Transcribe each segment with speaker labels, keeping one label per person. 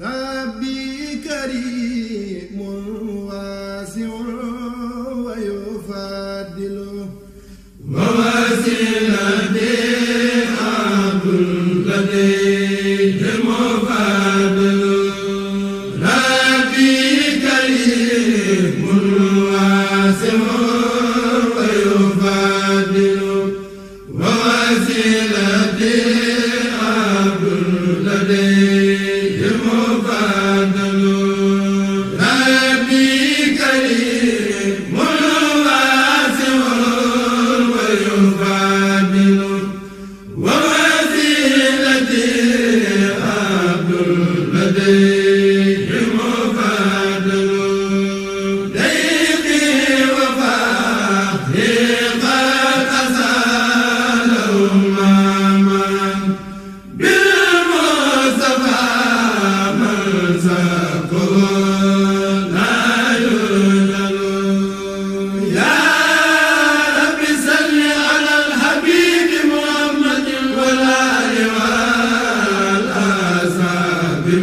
Speaker 1: rabbi karimun waasiun wa yufaadilu wa waasina bi abdul ladayhi mufaadilu rabbi karimun waasiun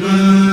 Speaker 1: ma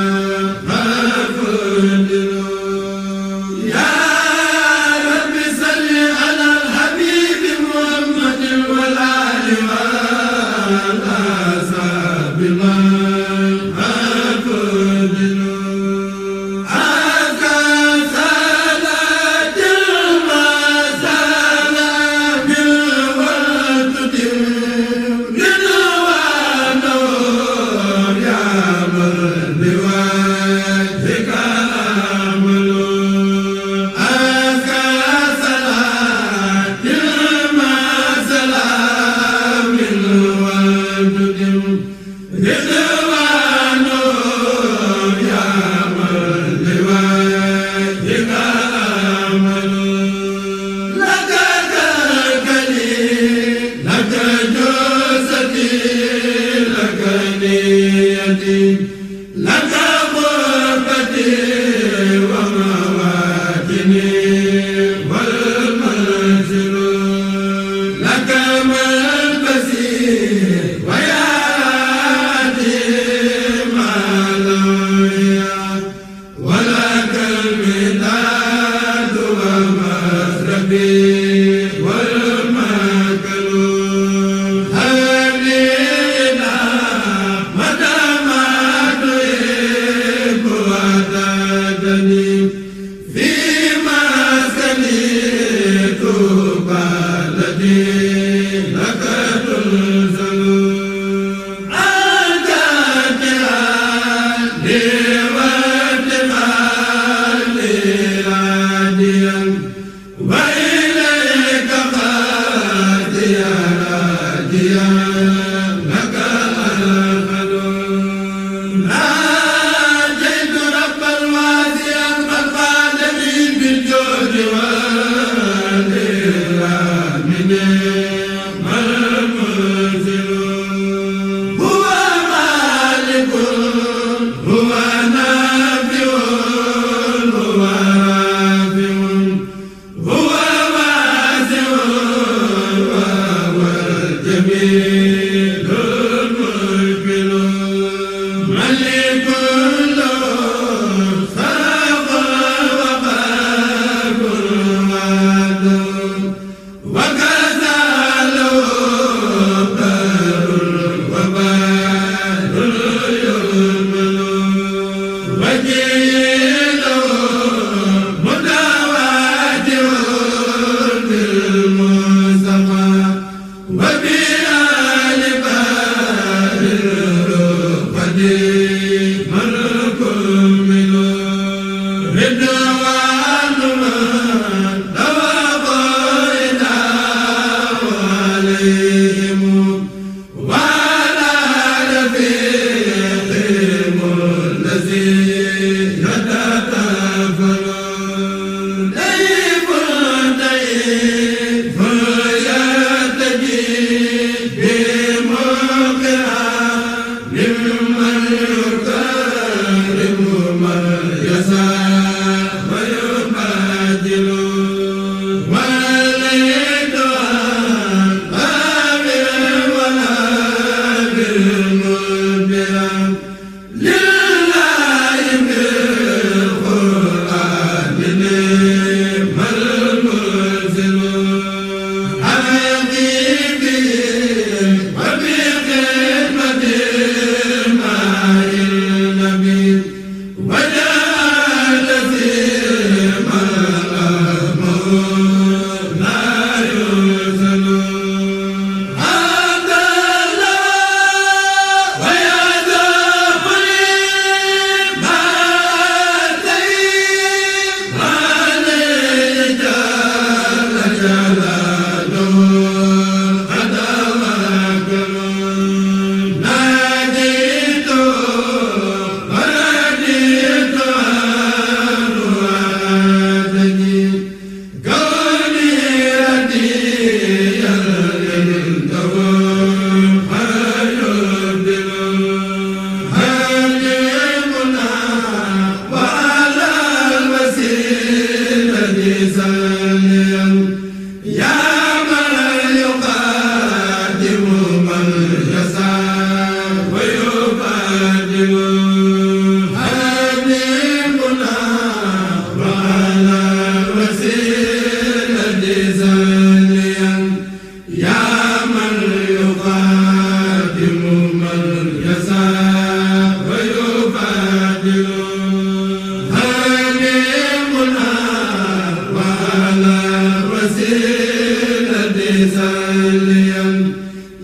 Speaker 1: bi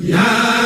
Speaker 1: yaa